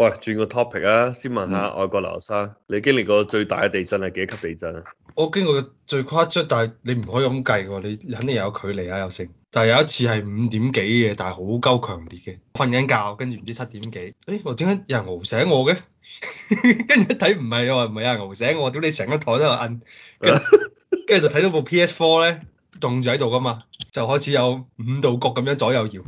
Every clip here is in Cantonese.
喂，轉、哦、個 topic 啊，先問下外國流沙，嗯、你經歷過最大嘅地震係幾級地震啊？我經過最誇張，但係你唔可以咁計嘅，你肯定有距離啊，有剩。但係有一次係五點幾嘅，但係好夠強烈嘅。瞓緊覺，跟住唔知七點幾，誒，我點解有人熬醒我嘅？跟住一睇唔係，我唔係有人熬醒我，屌你成個台都喺度按，跟住、啊、 就睇到部 PS4 咧。棟住喺度噶嘛，就開始有五度角咁樣左右搖，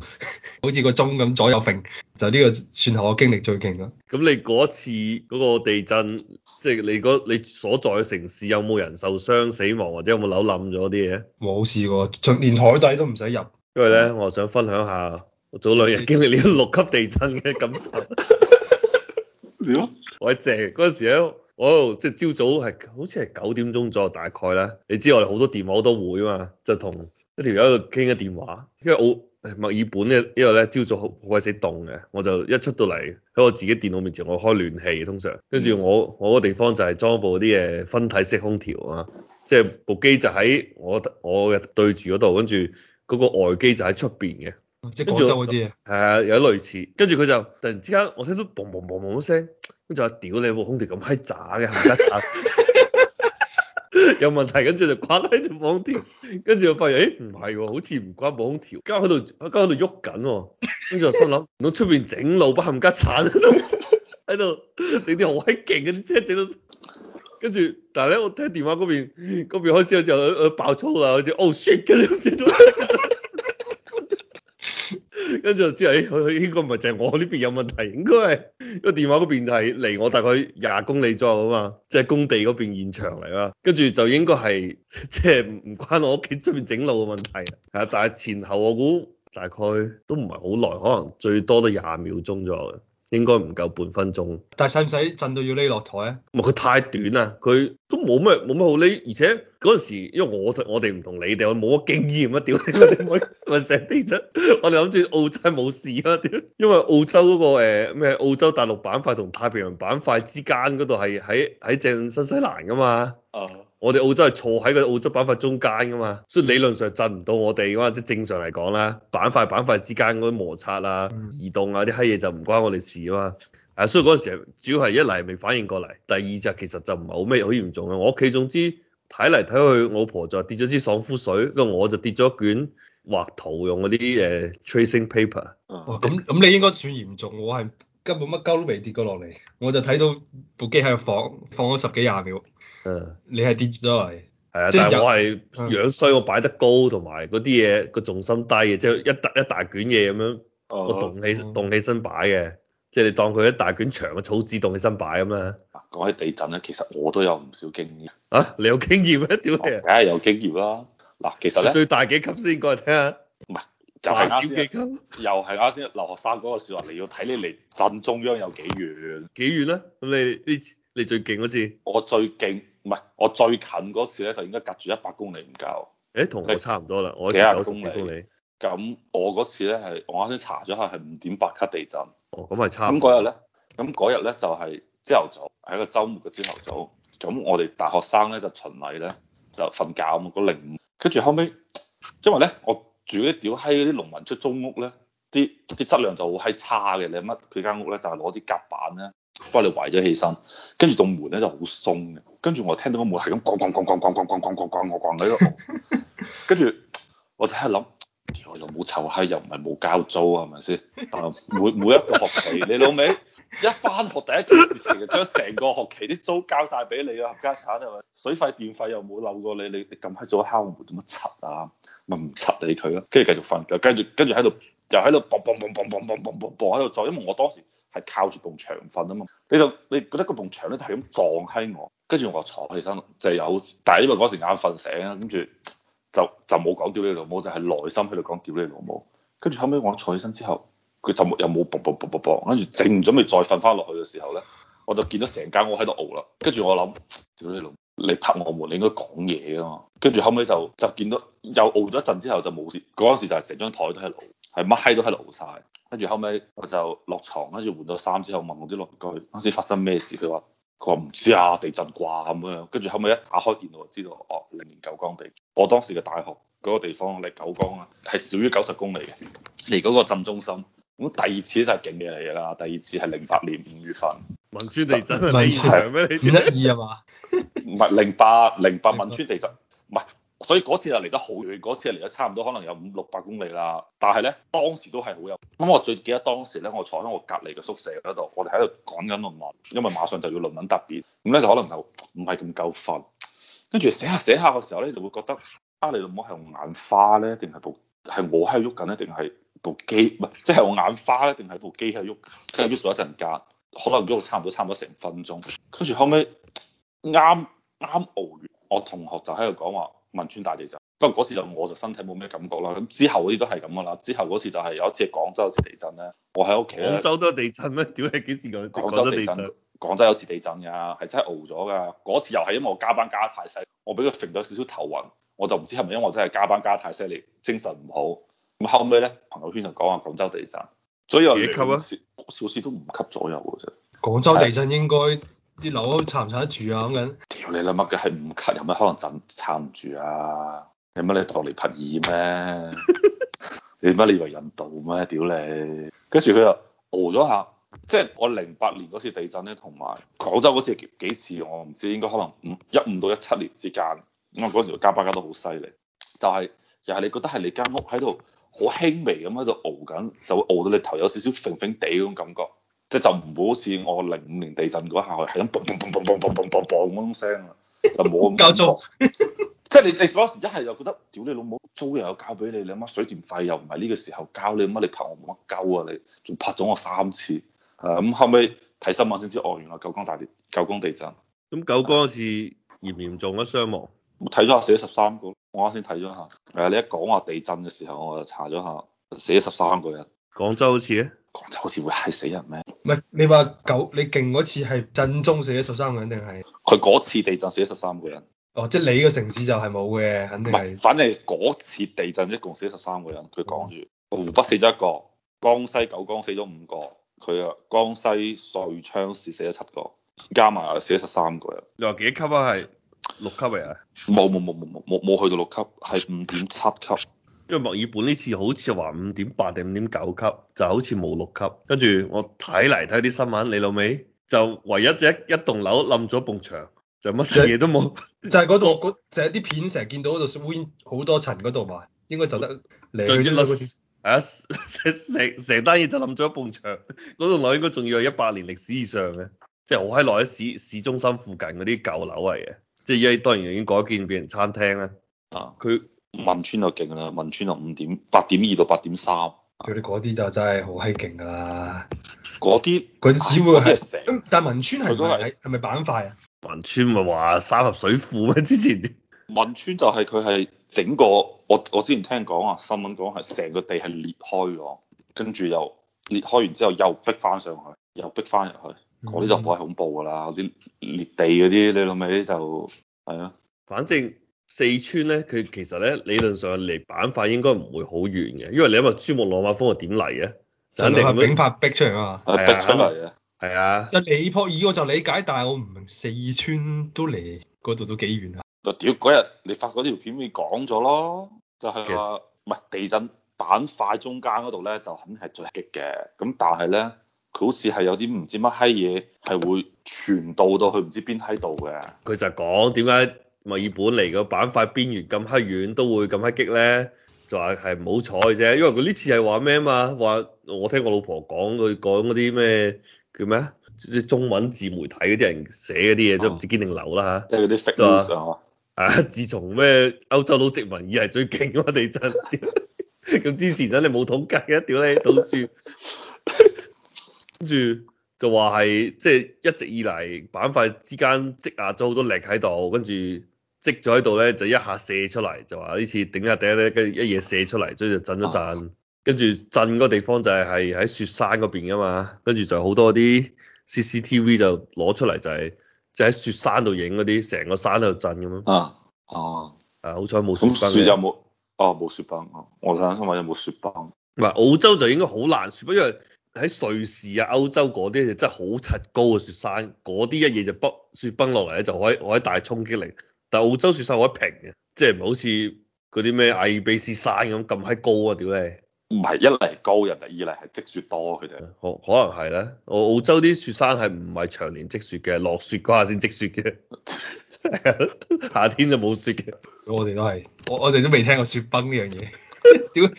好似個鐘咁左右揈，就呢個算係我經歷最勁咯。咁你嗰次嗰個地震，即係你嗰你所在嘅城市有冇人受傷、死亡或者有冇樓冧咗啲嘢？冇試過，連海底都唔使入。因為咧，我想分享下我早兩日經歷呢六級地震嘅感受。屌， 好正，嗰時有。哦，oh，即係朝早係，好似係九點鐘左右大概咧。你知我哋好多電話我都會啊嘛，就同一條友度傾緊電話。因為我墨爾本咧，因為咧朝早好鬼死凍嘅，我就一出到嚟喺我自己電腦面前，我開暖氣通常。跟住我我個地方就係裝部啲誒分體式空調啊，即係部機就喺我我嘅對住嗰度，跟住嗰個外機就喺出邊嘅。即係廣州嗰啲啊？啊，有類似。跟住佢就突然之間，我聽到砰砰砰砰嘅就屌你冇空調咁閪渣嘅，冚家鏟，有問題，跟住就關咗就放啲，跟住我發現，誒唔係，好似唔關冇空調，家喺度，而家喺度喐緊，跟住就心諗，出邊整路不冚家鏟喺度，喺度整啲好閪勁嘅啲車整到，跟住，但係咧我聽電話嗰邊，嗰邊開始就誒爆粗啦，好似，哦 shit 咁。跟住就知係，佢應該唔係淨係我呢邊有問題，應該係個電話嗰邊係離我大概廿公里左右啊嘛，即係工地嗰邊現場嚟啦。跟住就應該係即係唔關我屋企出面整路嘅問題。係啊，但係前後我估大概都唔係好耐，可能最多都廿秒鐘左右。應該唔夠半分鐘，但係使唔使震到要匿落台啊？佢太短啦，佢都冇咩冇咩好匿，而且嗰陣時因為我我哋唔同你哋，我冇乜經驗啊！屌你老母，咪 我哋諗住澳洲冇事啊！因為澳洲嗰、嗰個咩澳洲大陸板塊同太平洋板塊之間嗰度係喺喺正新西蘭噶嘛。哦。Oh. 我哋澳洲係坐喺個澳洲板塊中間㗎嘛，所以理論上震唔到我哋㗎嘛。即係正常嚟講啦，板塊板塊之間嗰啲摩擦啊、移動啊啲閪嘢就唔關我哋事啊嘛。啊，所以嗰陣時主要係一嚟未反應過嚟，第二就其實就唔係好咩好嚴重嘅。我屋企總之睇嚟睇去我婆婆，我老婆就跌咗支爽膚水，跟住我就跌咗一卷畫圖用嗰啲誒 tracing paper、嗯。咁咁，你應該算嚴重，我係根本乜鳩都未跌過落嚟，我就睇到部機喺度放放咗十幾廿秒。嗯，你係跌咗嚟，係啊，但係我係樣衰，我擺得高，同埋嗰啲嘢個重心低嘅，即係一一大卷嘢咁樣，我棟起棟起身擺嘅，即係你當佢一大卷長嘅草紙棟起身擺咁啦。嗱，講起地震咧，其實我都有唔少經驗。啊，你有經驗咩？點解啊？梗係有經驗啦。嗱，其實你最大幾級先講嚟聽下。唔係，就係啱先，又係啱先留學生嗰個說話，你要睇你離震中央有幾遠？幾遠咧？咁你你你最勁嗰次，我最勁。唔係，我最近嗰次咧就應該隔住一百公里唔夠。誒、欸，同我差唔多啦，我係幾廿公里。咁我嗰次咧係，我啱先查咗下係五點八級地震。咁係、哦、差。咁嗰日咧？咁嗰日咧就係朝頭早，係一個周末嘅朝頭早。咁我哋大學生咧就巡禮咧就瞓覺咁。嘛，個零。跟住後尾，因為咧我住啲屌閪嗰啲農民出租屋咧，啲啲質量就好閪差嘅。你乜佢間屋咧就係攞啲夾板咧？幫你圍咗起身，跟住道門咧就好鬆嘅，跟住我聽到個門係咁咣咣咣咣咣咣咣咣咣我咣喺度，跟住我就即刻諗，又冇臭閪，又唔係冇交租，係咪先？啊，每每一個學期，你老味一返學第一件事成，將成個學期啲租交晒俾你啊，合家產係咪？水費電費又冇漏過你，你你咁閪早敲門做乜柒啊？咪唔柒理佢咯，跟住繼續瞓，跟住跟住喺度又喺度 boom boom 喺度做，因為我當時。係靠住埲牆瞓啊嘛，你就你覺得嗰埲牆咧就係咁撞喺我，跟住我坐起身就有，但係因為嗰時眼瞓醒啊，跟住就就冇講「屌你老母」，就係內心喺度講「屌你老母」。跟住後尾我坐起身之後，佢就又冇啵啵啵啵啵，跟住正準備再瞓翻落去嘅時候咧，我就見到成間屋喺度嘔啦。跟住我諗，屌你老母，你拍我門，你應該講嘢啊嘛。跟住後尾就就見到又嘔咗一陣之後就冇事，嗰時就係成張台都喺度。係乜閪都喺度嘈曬，跟住後尾我就落床，跟住換到衫之後問我啲鄰居當時發生咩事，佢話佢話唔知啊，地震啩咁樣，跟住後尾一打開電腦就知道哦，零九九江地震，我當時嘅大學嗰個地方嚟九江啊，係少於九十公里嘅嚟嗰個震中心。咁第二次就係勁嘢嚟啦，第二次係零八年五月份汶川地震啊，你現場咩？你二一二係嘛？唔係零八零八汶川地震唔係。所以嗰次就嚟得好遠，嗰次就嚟得差唔多可能有五六百公里啦。但係咧，當時都係好有咁，我最記得當時咧，我坐喺我隔離嘅宿舍嗰度，我哋喺度講緊論文，因為馬上就要論文答辯。咁咧就可能就唔係咁夠瞓，跟住寫下寫下嘅時候咧，就會覺得啊，你老母係用眼花咧，定係部係我喺度喐緊咧，定係部機即係我眼花咧，定係部機喺度喐，跟住喐咗一陣間，可能喐到差唔多差唔多成分鐘。跟住後尾啱啱熬完，我同學就喺度講話。汶川大地震，不過嗰次就我就身體冇咩感覺啦。咁之後嗰啲都係咁噶啦。之後嗰次就係有一次係廣州有次地震咧，我喺屋企。廣州都有地震咩？屌你幾時講？廣州地震，廣州有次地震呀、啊，係真係熬咗噶、啊。嗰次又係因為我加班加得太犀，我俾佢揈咗少少頭暈，我就唔知係咪因為我真係加班加得太犀利，精神唔好。咁後尾咧，朋友圈就講話廣州地震，所以、啊、我哋少少少都唔級左右啫。廣州地震應該？啲樓撐唔撐得住啊？咁緊，ibles, 屌你啦乜嘅係五級？有乜可能震撐唔住啊？你乜你落尼泊爾咩？你乜你以為印度咩？屌你！跟住佢又熬咗下，即係我零八年嗰次地震咧，同埋廣州嗰次幾次我唔知，應該可能五一五到一七年之間，因為嗰時加巴加都好犀利，就係又係你覺得係你間屋喺度好輕微咁喺度熬緊，就會熬到你頭有少少揈揈地嗰種感覺。即就唔會好似我零五年地震嗰下係咁嘣嘣嘣嘣嘣嘣嘣嘣嗰種聲啦，就冇咁交租。即係你你嗰時一係又覺得，屌你老母，租又有交俾你，你阿媽水電費又唔係呢個時候交你，你乜你拍我乜鳩啊你，仲拍咗我三次啊！咁後尾睇新聞先知，哦，原來九江大地，九江地震。咁 九江是嚴唔嚴重啊？傷亡？睇咗 下死咗十三個，我啱先睇咗下。係、啊、你一講話地震嘅時候，我就查咗下，死咗十三個人。廣州好似咧？廣州好似會吓死人咩？唔係，你話九，你勁嗰次係震中死咗十三個人定係？佢嗰次地震死咗十三個人。哦，即係你個城市就係冇嘅，肯定係。唔係，反正嗰次地震一共死咗十三個人，佢講住。湖北死咗一個，江西九江死咗五個，佢啊，江西瑞昌市死咗七個，加埋啊死咗十三個人。你話幾級啊？係六級嚟啊？冇冇冇冇冇冇冇去到六級，係五點七級。因為墨爾本呢次好似話五點八定五點九級，就好似冇六級。跟住我睇嚟，睇啲新聞，你老味就唯一只一棟樓冧咗一埲牆，就乜事嘢都冇，就是。就係嗰度就係啲片成日見到嗰度好多塵嗰度嘛，應該就得嚟去嗰啲。係啊，成成單嘢就冧咗一埲牆，嗰棟樓應該仲要係一百年歷史以上嘅，即係好閪耐喺市市中心附近嗰啲舊樓嚟嘅，即係依家當然已經改建變成餐廳啦。啊，佢。汶川就勁啦，汶川就五點八點二到八點三，佢哋嗰啲就真係好閪勁噶啦，嗰啲嗰啲只會係成，但係汶川係咪係咪板塊啊？汶川咪話三峽水庫啊？之前汶川就係佢係整個，我我之前聽講啊，新聞講係成個地係裂開咗，跟住又裂開完之後又逼翻上去，又逼翻入去，嗰啲就好閪恐怖噶啦，啲裂地嗰啲你諗起就係啊，反正。四川咧，佢其實咧理論上離板塊應該唔會好遠嘅，因為你諗下珠穆朗瑪峰係點嚟嘅，就係冰塊逼出嚟啊嘛，逼出嚟啊，係啊。就理破二，我就理解，但係我唔明四川都嚟嗰度都幾遠啊。屌！嗰日你發嗰條片咪講咗咯，就係其實唔係地震板塊中間嗰度咧，就肯定係最激嘅。咁但係咧，佢好似係有啲唔知乜閪嘢係會傳導到去唔知邊喺度嘅。佢就係講點解？墨爾本嚟嘅板塊邊緣咁黑遠都會咁黑激咧，就話係唔好彩啫。因為佢呢次係話咩啊嘛？話我聽我老婆講，佢講嗰啲咩叫咩啊？即係中文自媒體嗰啲人寫嗰啲嘢，都唔知堅定流啦吓。即係嗰啲 facts 啊，自從咩歐洲佬殖民以嚟，係最勁嘅地震。咁 之前真係冇統計嘅，屌你到處。跟住就話係即係一直以嚟板塊之間積壓咗好多力喺度，跟住。積咗喺度咧，就一下射出嚟，就話呢次頂下頂咧，跟住一嘢射出嚟，所以就震咗震。跟住、啊、震嗰地方就係係喺雪山嗰邊噶嘛，跟住就好多啲 C C T V 就攞出嚟，就係即喺雪山度影嗰啲，成個山喺度震咁樣、啊。啊，啊啊嗯、哦，誒，好彩冇雪崩。雪有冇？哦，冇雪崩啊！我睇下有冇雪崩？唔係澳洲就應該好難雪，因為喺瑞士啊、歐洲嗰啲就真係好漆高嘅雪山，嗰啲一嘢就不雪崩落嚟咧，就可可以大衝擊力。但澳洲雪山好平嘅，即係唔好似嗰啲咩阿爾卑斯山咁咁閪高啊！屌你，唔係一嚟高，人哋二嚟係積雪多佢哋，哦，可可能係咧。澳澳洲啲雪山係唔係長年積雪嘅，落雪嗰下先積雪嘅， 夏天就冇雪嘅。我哋都係，我我哋都未聽過雪崩呢樣嘢。屌，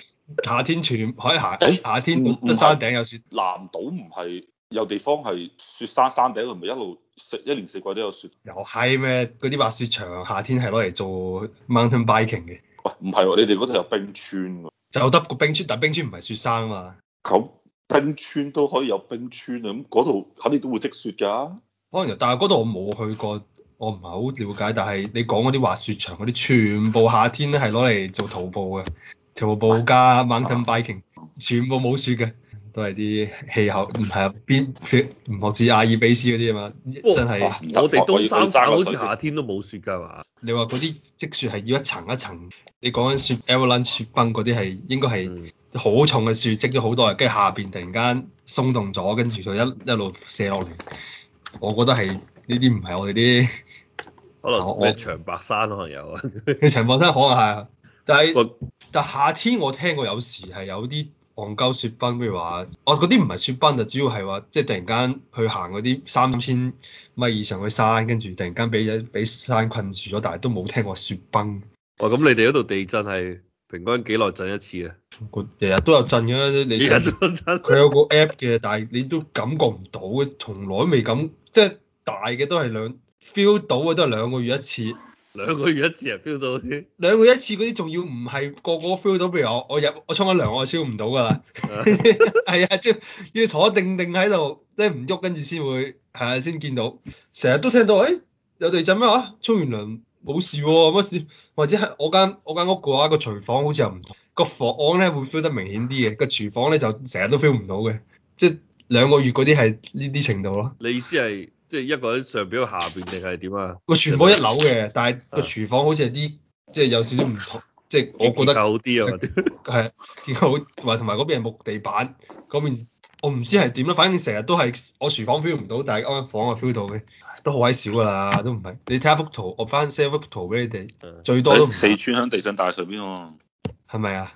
夏天全海下，行，夏天得山頂有雪。南島唔係。有地方係雪山山頂，佢咪一路食一年四季都有雪。有閪咩？嗰啲滑雪場夏天係攞嚟做 mountain biking 嘅。喂，唔係喎，你哋嗰度有冰川㗎。就得個冰川，但冰川唔係雪山啊嘛。咁冰川都可以有冰川啊？咁嗰度肯定都會積雪㗎啊。可能有，但係嗰度我冇去過，我唔係好了解。但係你講嗰啲滑雪場嗰啲，全部夏天咧係攞嚟做徒步嘅，徒步加 mountain biking，全部冇雪嘅。都係啲氣候，唔係啊，邊雪，唔學似亞爾卑斯嗰啲啊嘛，真係。哦、真係我哋東三省好似夏天都冇雪㗎嘛？你話嗰啲積雪係要一層一層，你講緊雪 e v e l a n 雪崩嗰啲係應該係好重嘅雪積咗好多，跟住下邊突然間鬆動咗，跟住就一一路射落嚟。我覺得係呢啲唔係我哋啲，可能我長白山可能有，啊， 長白山可能係，但係但夏天我聽過有時係有啲。戇鳩雪崩，比如話，我嗰啲唔係雪崩，就主要係話，即係突然間去行嗰啲三千米以上嘅山，跟住突然間俾俾山困住咗，但係都冇聽過雪崩。哇、哦！咁你哋嗰度地震係平均幾耐震一次啊？日日都有震嘅，你日日都震。佢有， 有個 app 嘅，但係你都感覺唔到嘅，從來未噉，即係大嘅都係兩 feel 到嘅都係兩個月一次。兩個月一次係 feel 到啲，兩個月一次嗰啲仲要唔係個個 feel 到，譬如我我入我衝緊涼，我 feel 唔到噶啦。係 啊，即係要坐定定喺度，即係唔喐，跟住先會係啊，先見到成日都聽到，誒、欸、有地震咩啊？衝完涼冇事喎乜事，或者係我間我間屋嘅話，個廚房好似又唔同。個房咧會 feel 得明顯啲嘅，個廚房咧就成日都 feel 唔到嘅，即係兩個月嗰啲係呢啲程度咯。你意思係？即係一個喺上表下邊定係點啊？喂，全部一樓嘅，是是但係個廚房好似係啲即係有少少唔同，即係 我覺得我結好啲啊嗰啲。係 結構好，同埋同埋嗰邊係木地板，嗰邊我唔知係點啦。反正成日都係我廚房 feel 唔到，但係間房啊 feel 到嘅，都好閪少噶啦，都唔係。你睇下幅圖，我翻曬幅圖俾你哋，的最多都唔四川響地震大上邊喎，係咪啊？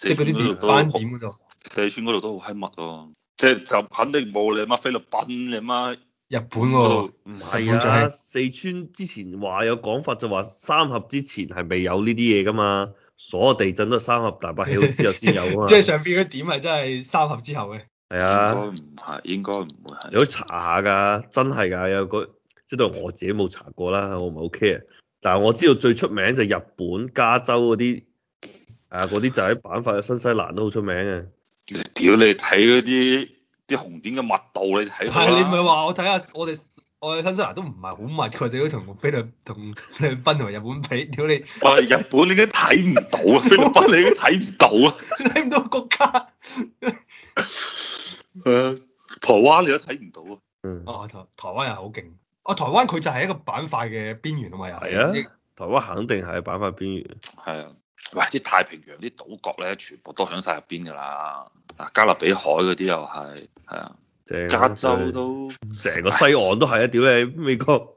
即係嗰啲點嗰度？四川嗰度都好閪密喎，即係、啊就是、就肯定冇你阿媽菲律賓你阿媽。日本喎，唔係、就是、啊！四川之前話有講法，就話三峽之前係未有呢啲嘢噶嘛。所有地震都係三峽大壩起之後先有啊嘛。即係 上邊嗰點係真係三峽之後嘅？係啊應，應該唔係，應該唔會係。你可以查下㗎，真係㗎，有個知道我自己冇查過啦，我唔係 OK。a r 但係我知道最出名就係日本、加州嗰啲，啊嗰啲就喺板塊新西蘭都好出名啊。你屌你睇嗰啲～啲紅點嘅密度你睇，係你唔係話我睇下我哋，我哋新西蘭都唔係好密，佢哋都同菲律、同菲律賓同日本比，屌你！我哋日本，你都睇唔到啊！菲律賓你都睇唔到啊！睇唔 到國家、 啊，係台灣你都睇唔到啊！嗯，哦台台灣又好勁，哦台灣佢就係一個板塊嘅邊緣啊嘛又係啊，你台灣肯定係板塊邊緣，係啊。喂，啲太平洋啲島國咧，全部都響晒入邊㗎啦。嗱，加勒比海嗰啲又係，係啊，是加州都成個西岸都係啊！屌你唉，美國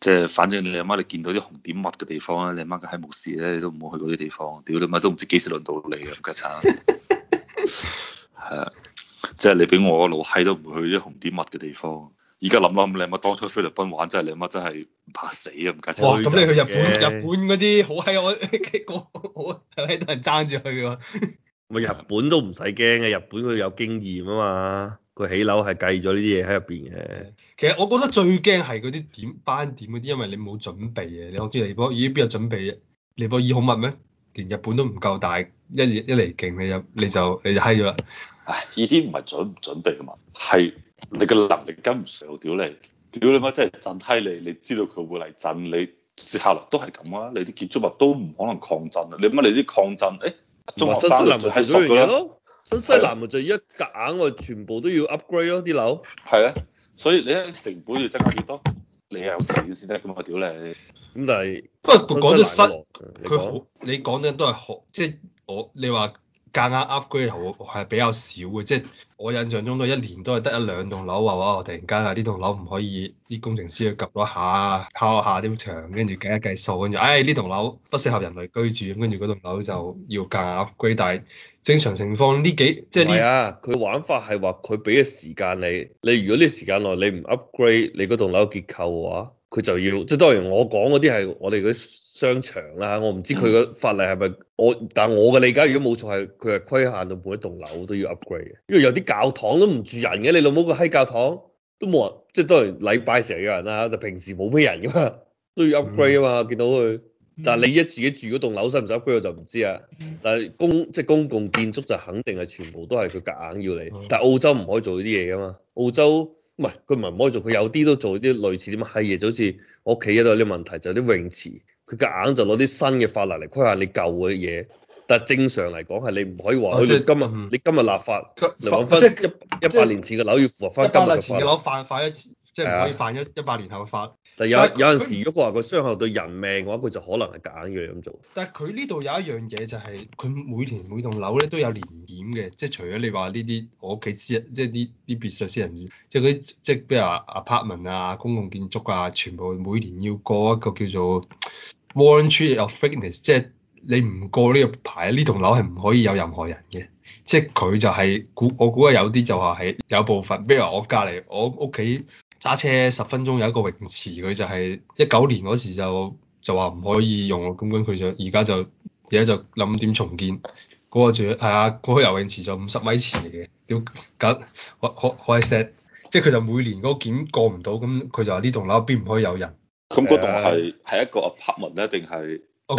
即係，反正你阿媽，媽你見到啲紅點物嘅地方咧，你阿媽佢喺牧師咧，你都唔好去嗰啲地方。屌你媽都唔知幾時輪到你啊！唔該曬。係啊，即係你俾我老閪都唔去啲紅點物嘅地方。而家諗諗，你阿媽，媽當初菲律賓玩真係你阿媽，媽真係。怕死啊！唔駕車咁、哦、你去日本，啊、日本嗰啲好閪，我個好閪多人爭住去㗎嘛。咪 日本都唔使驚嘅，日本佢有經驗啊嘛，佢起樓係計咗呢啲嘢喺入邊嘅。其實我覺得最驚係嗰啲點班點嗰啲，因為你冇準備嘅。你學啲尼波已咦？邊有準備嘅？尼泊爾二號物咩？連日本都唔夠大，一一嚟勁，你又你就你就閪咗啦。唉，呢啲唔係準唔準備啊嘛，係你嘅能力跟唔上屌你。屌你媽！真係震閪你，你知道佢會嚟震，你接下落都係咁啊！你啲建築物都唔可能抗震啊！你乜你啲抗震？誒，仲新西蘭就係衰樣嘢咯。新西蘭，就，新西蘭就一夾硬我全部都要 upgrade 咯、啊、啲樓。係啊，所以你喺成本要增加幾多？你有少先得噶我屌你！咁但係不過講咗新，佢好你講嘅都係好，即係、就是、我你話。夾硬 upgrade 好係比較少嘅，即、就、係、是、我印象中都一年都係得一兩棟樓話哇，突然間啊，呢棟樓唔可以，啲工程師去及咗下敲下啲牆，跟住計一計數，跟住，哎，呢棟樓不適合人類居住，跟住嗰棟樓就要夾硬 upgrade。但係正常情況呢幾即係，係、就是、啊，佢玩法係話佢俾嘅時間你，你如果呢時間內你唔 upgrade 你嗰棟樓結構嘅話，佢就要即係當然我講嗰啲係我哋啲。商場啦、啊，我唔知佢個法例係咪我，但係我嘅理解，如果冇錯係佢係規限到每一棟樓都要 upgrade 嘅，因為有啲教堂都唔住人嘅，你老母個閪教堂都冇人，即係當然禮拜成日有人啦、啊，就平時冇咩人噶、啊、嘛，都要 upgrade 啊嘛，見到佢。但係你一自己住嗰棟樓使唔使 upgrade 我就唔知啊。但係公即係公共建築就肯定係全部都係佢夾硬要你。但係澳洲唔可以做呢啲嘢噶嘛，澳洲唔係佢唔係唔可以做，佢有啲都做啲類似啲乜閪嘢，就好似我屋企都有啲問題，就啲、係、泳池。佢夾硬就攞啲新嘅法例嚟規限你舊嘅嘢，但係正常嚟講係你唔可以話佢。哦即嗯、你今日你今日立法，法即一一百年前嘅樓要符合翻今日嘅法，法，一百年前嘅樓犯法一，即係唔可以犯一一百年後嘅法。啊、但有但有陣時，如果話佢傷害到人命嘅話，佢就可能係夾硬要咁做。但係佢呢度有一樣嘢就係、是，佢每年每棟樓咧都有年檢嘅，即係除咗你話呢啲我屋企私人，即係呢啲別墅私人，即係嗰即係譬如話 apartment 啊、公共建築啊，全部每年要過一個叫做。Warrant of Fitness，即係你唔過呢個牌，呢棟樓係唔可以有任何人嘅。即係佢就係、是、估，我估係有啲就話係有部分，比如我隔離，我屋企揸車十分鐘有一個泳池，佢就係一九年嗰時就就話唔可以用，咁跟佢就而家就而家就諗點重建。嗰、那個仲係啊，嗰、那個游泳池就五十米池嚟嘅，屌咁開開石，即係佢就每年嗰個檢過唔到，咁佢就話呢棟樓邊唔可以有人。咁嗰棟係係一個 apartment 咧，定係哦，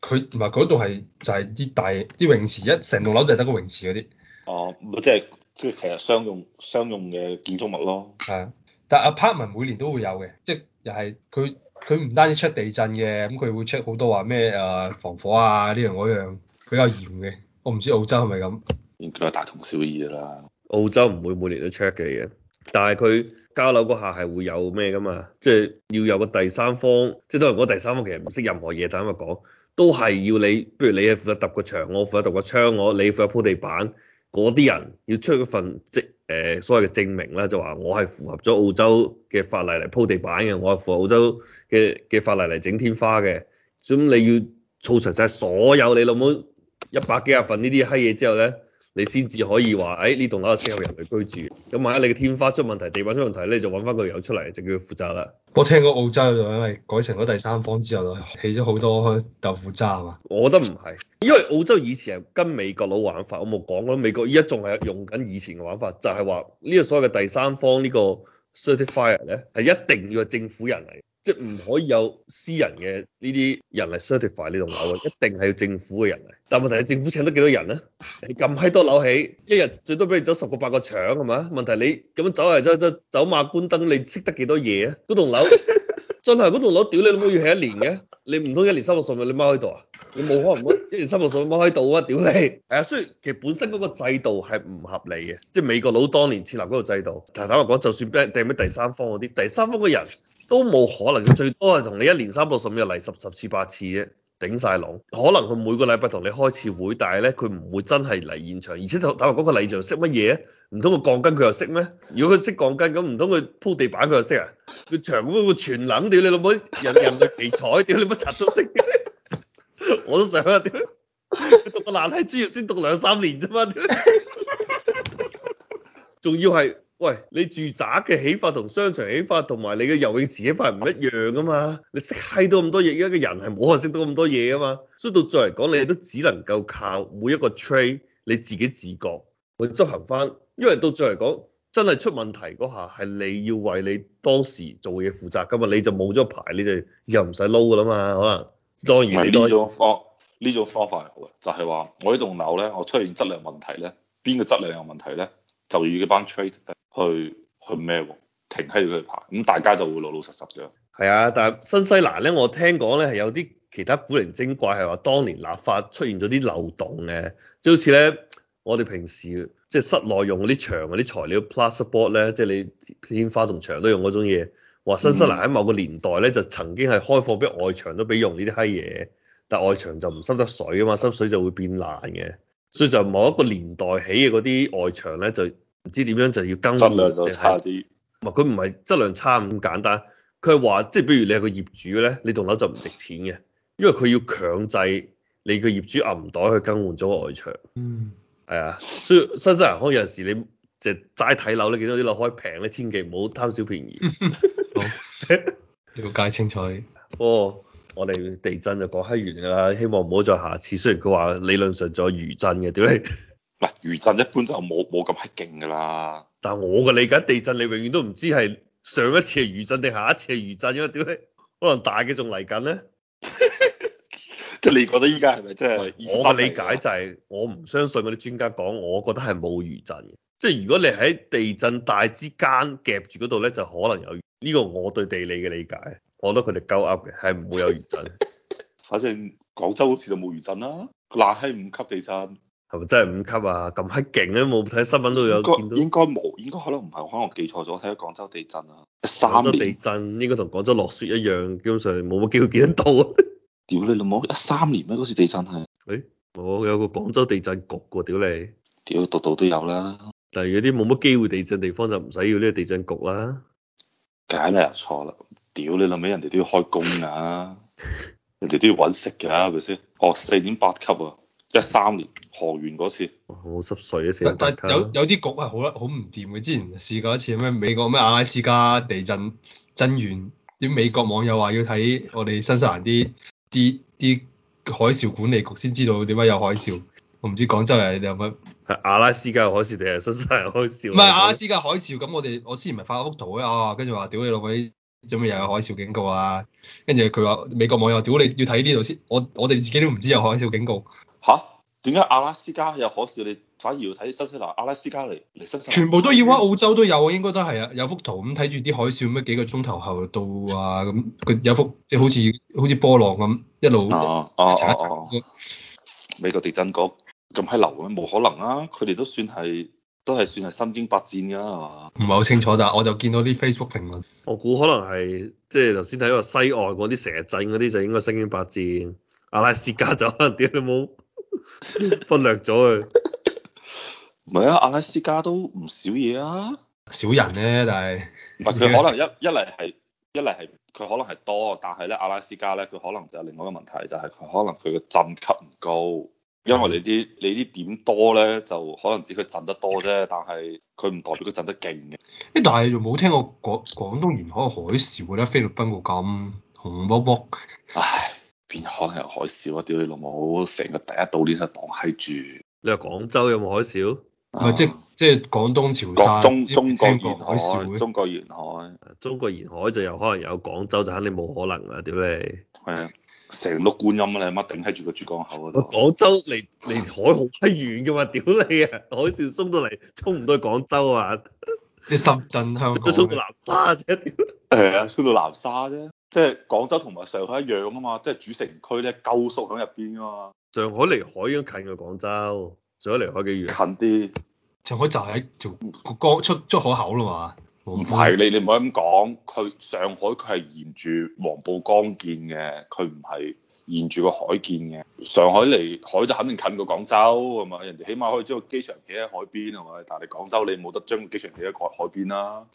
佢唔係嗰棟係就係、是、啲大啲泳池，一成棟樓就係得個泳池嗰啲。哦、啊，即係即係其實商用商用嘅建築物咯。係啊、嗯，但係 apartment 每年都會有嘅，即係又係佢佢唔單止 check 地震嘅，咁佢會 check 好多話咩誒防火啊呢樣嗰樣比較嚴嘅。我唔知澳洲係咪咁，應該大同小異㗎啦。澳洲唔會每年都 check 嘅嘢，但係佢。交樓嗰下係會有咩噶嘛？即、就、係、是、要有個第三方，即係都係嗰第三方其實唔識任何嘢，就咁話講，都係要你，不如你係負責揼個牆，我負責揼個窗，我你負，負責鋪地板，嗰啲人要出一份即係、呃、所謂嘅證明啦，就話我係符合咗澳洲嘅法例嚟鋪地板嘅，我係符合澳洲嘅嘅法例嚟整天花嘅，咁你要儲齊晒所有你老母一百幾廿份呢啲閪嘢之後咧。你先至可以話，誒，呢棟樓係適合人類居住。咁萬一你嘅天花出問題，地板出問題，你就揾翻個友出嚟，就叫佢負責啦。我聽過澳洲就因為，改成咗第三方之後，起咗好多豆腐渣係嘛？我覺得唔係，因為澳洲以前係跟美國佬玩法，我冇講過。美國依家仲係用緊以前嘅玩法，就係話呢個所謂嘅第三方呢個 certifier 咧，係一定要係政府人嚟。唔可以有私人嘅呢啲人嚟 certify 呢棟樓嘅，一定係要政府嘅人嚟。但問題係政府請得幾多人？你咁喺多樓起，一日最多俾你走十個八個搶係嘛？問題你咁樣走嚟走走走走馬觀燈，你識得幾多嘢啊？嗰棟樓，再嚟嗰棟樓，屌你老母要起一年嘅，你唔通一年三六十日你踎喺度啊？你冇可能一年三六十日踎喺度啊？屌你！係啊，所以其實本身嗰個制度係唔合理嘅，即係美國佬當年設立嗰個制度。但坦白講，就算俾掟俾第三方嗰啲第三方嘅人，都冇可能，佢最多係同你一年三百六十五日嚟十十次八次啫，頂晒籠。可能佢每個禮拜同你開次會，但係咧佢唔會真係嚟現場。而且坦白講，個嚟場識乜嘢啊？唔通個鋼筋佢又識咩？如果佢識鋼筋，咁唔通佢鋪地板佢又識啊？佢牆會全冧掉？你老妹人人類奇才，屌你乜柒都識嘅。 我都想啊，屌！讀個爛閪專業先讀兩三年啫嘛，屌！仲 要係。喂，你住宅嘅起法同商場起法，同埋你嘅游泳池起法唔一樣噶嘛？你識閪到咁多嘢，而家嘅人係冇可能識到咁多嘢噶嘛？所以到再嚟講，你哋都只能夠靠每一個 trade 你自己自覺去執行翻。因為到再嚟講，真係出問題嗰下係你要為你當時做嘢負責，咁啊你就冇咗牌，你就又唔使撈噶啦嘛。可能當然呢種方呢種方法係好嘅，就係話我呢棟樓咧，我出現質量問題咧，邊個質量有問題咧？就要嗰班 trader 去去咩喎？停喺佢哋排，咁大家就會老老實實嘅。係啊，但係新西蘭咧，我聽講咧係有啲其他古靈精怪，係話當年立法出現咗啲漏洞嘅，即好似咧我哋平時即係室內用嗰啲牆嗰啲材料 plasterboard 咧，即係你天花同牆都用嗰種嘢。話新西蘭喺某個年代咧就曾經係開放俾外牆都俾用呢啲閪嘢，但外牆就唔濕得水啊嘛，濕水就會變爛嘅。所以就某一個年代起嘅嗰啲外牆咧，就唔知點樣就要更換，質量就差啲。唔係佢唔係質量差咁簡單，佢係話即係，就是，比如你係個業主咧，你棟樓就唔值錢嘅，因為佢要強制你個業主銀袋去更換咗個外牆。嗯，係啊，所以新西蘭有陣時你就齋睇樓咧，見到啲樓開平咧，千祈唔好貪小便宜。好，了解清楚。好。我哋地震就講閪完啦，希望唔好再下次。雖然佢話理論上仲有餘震嘅，屌咧？餘震一般就冇冇咁閪勁噶啦。但係我嘅理解，地震你永遠都唔知係上一次係餘震定下一次係餘震，因為屌咧？可能大嘅仲嚟緊咧。即係你覺得依家係咪真係？我嘅理解就係、是、我唔相信嗰啲專家講，我覺得係冇餘震嘅。即係如果你喺地震帶之間夾住嗰度咧，就可能有呢、這個我對地理嘅理解。我覺得佢哋鳩噏嘅，係唔會有餘震。 反正廣州好似就冇餘震啦，嗱閪五級地震係咪真係五級啊？咁閪勁啊！冇睇新聞都有見到。應該應該冇，應該可能唔係，可能記錯咗。我睇咗廣州地震啊，廣州地震應該同廣州落雪一樣，基本上冇乜機會見得到。啊。屌你老母，一三年咩？嗰時地震係。誒、欸，我、哦、有個廣州地震局喎，屌你了！屌，度度都有啦。但係有啲冇乜機會地震地方就唔使要呢個地震局啦。梗係錯啦！屌！你諗起人哋都要開工噶，啊，人哋都要揾食噶，係咪先？哦，四點八級啊，一三年河源嗰次。好濕碎啊！有，有啲局係好得好唔掂嘅。之前試過一次咩？美國咩阿拉斯加地震震源，啲美國網友話要睇我哋新西蘭啲啲啲海嘯管理局先知道點解有海嘯。我唔知廣州人，你有冇阿拉斯加海嘯定係新西蘭海嘯？唔係阿拉斯加海嘯，咁我哋我之前咪發咗幅圖啊，跟住話屌你老鬼。做咩又有海嘯警告啊？跟住佢話美國網友，如果你要睇呢度先，我我哋自己都唔知有海嘯警告。吓、啊？點解阿拉斯加有海嘯？你反而要睇新西蘭、阿拉斯加嚟，嚟新西蘭全部都要啊，澳洲都有啊，應該都係啊。有幅圖咁睇住啲海嘯，咩幾個鐘頭後到、嗯、啊？咁佢有幅即係好似好似波浪咁一路查一查。美國地震局咁閪流啊，冇可能啊！佢哋都算係。都係算係身經百戰㗎啦，係嘛？唔係好清楚，但我就見到啲 Facebook 評論。我估可能係即係頭先睇個西岸嗰啲蛇鎮嗰啲就應該身經百戰，阿拉斯加就可能屌都冇忽 略咗佢。唔係 啊，阿拉斯加都唔少嘢啊。少人咧，但係唔係佢可能一 一嚟係一嚟係佢可能係多，但係咧阿拉斯加咧佢可能就另外一個問題就係、是、佢可能佢嘅震級唔高。因為你啲你啲點多咧，就可能只佢震得多啫，但係佢唔代表佢震得勁嘅。誒， 但係又冇聽過廣廣東沿海嘅海嘯咧，菲律賓會咁紅卜卜。唉，邊可能有海嘯啊？屌你老母，成日第一島鏈都擋喺住。你話廣州有冇海嘯？唔係即即廣東潮汕、啊、中國沿海，中國沿海，中國沿海，中國沿海就有可能有廣州，就肯定冇可能啦！屌你係啊，成碌觀音你阿媽頂喺住個珠江口度。廣州離離海好閪遠嘅嘛，屌你啊！海嘯衝到嚟，衝唔到去廣州啊！啲深圳、香港衝，衝到南沙啫！屌，係啊，衝到南沙啫！即係廣州同埋上海一樣啊嘛，即係主城區咧，夠縮喺入邊啊嘛。上海離海都近過廣州。上海離海幾遠？近啲。上海就喺條江出出海口啦嘛。唔係你你唔可以咁講，佢上海佢係沿住黃浦江建嘅，佢唔係沿住個海建嘅。上海離海就肯定近過廣州咁啊，人哋起碼可以將個機場企喺海邊啊嘛，但係你廣州你冇得將個機場企喺海海邊啦。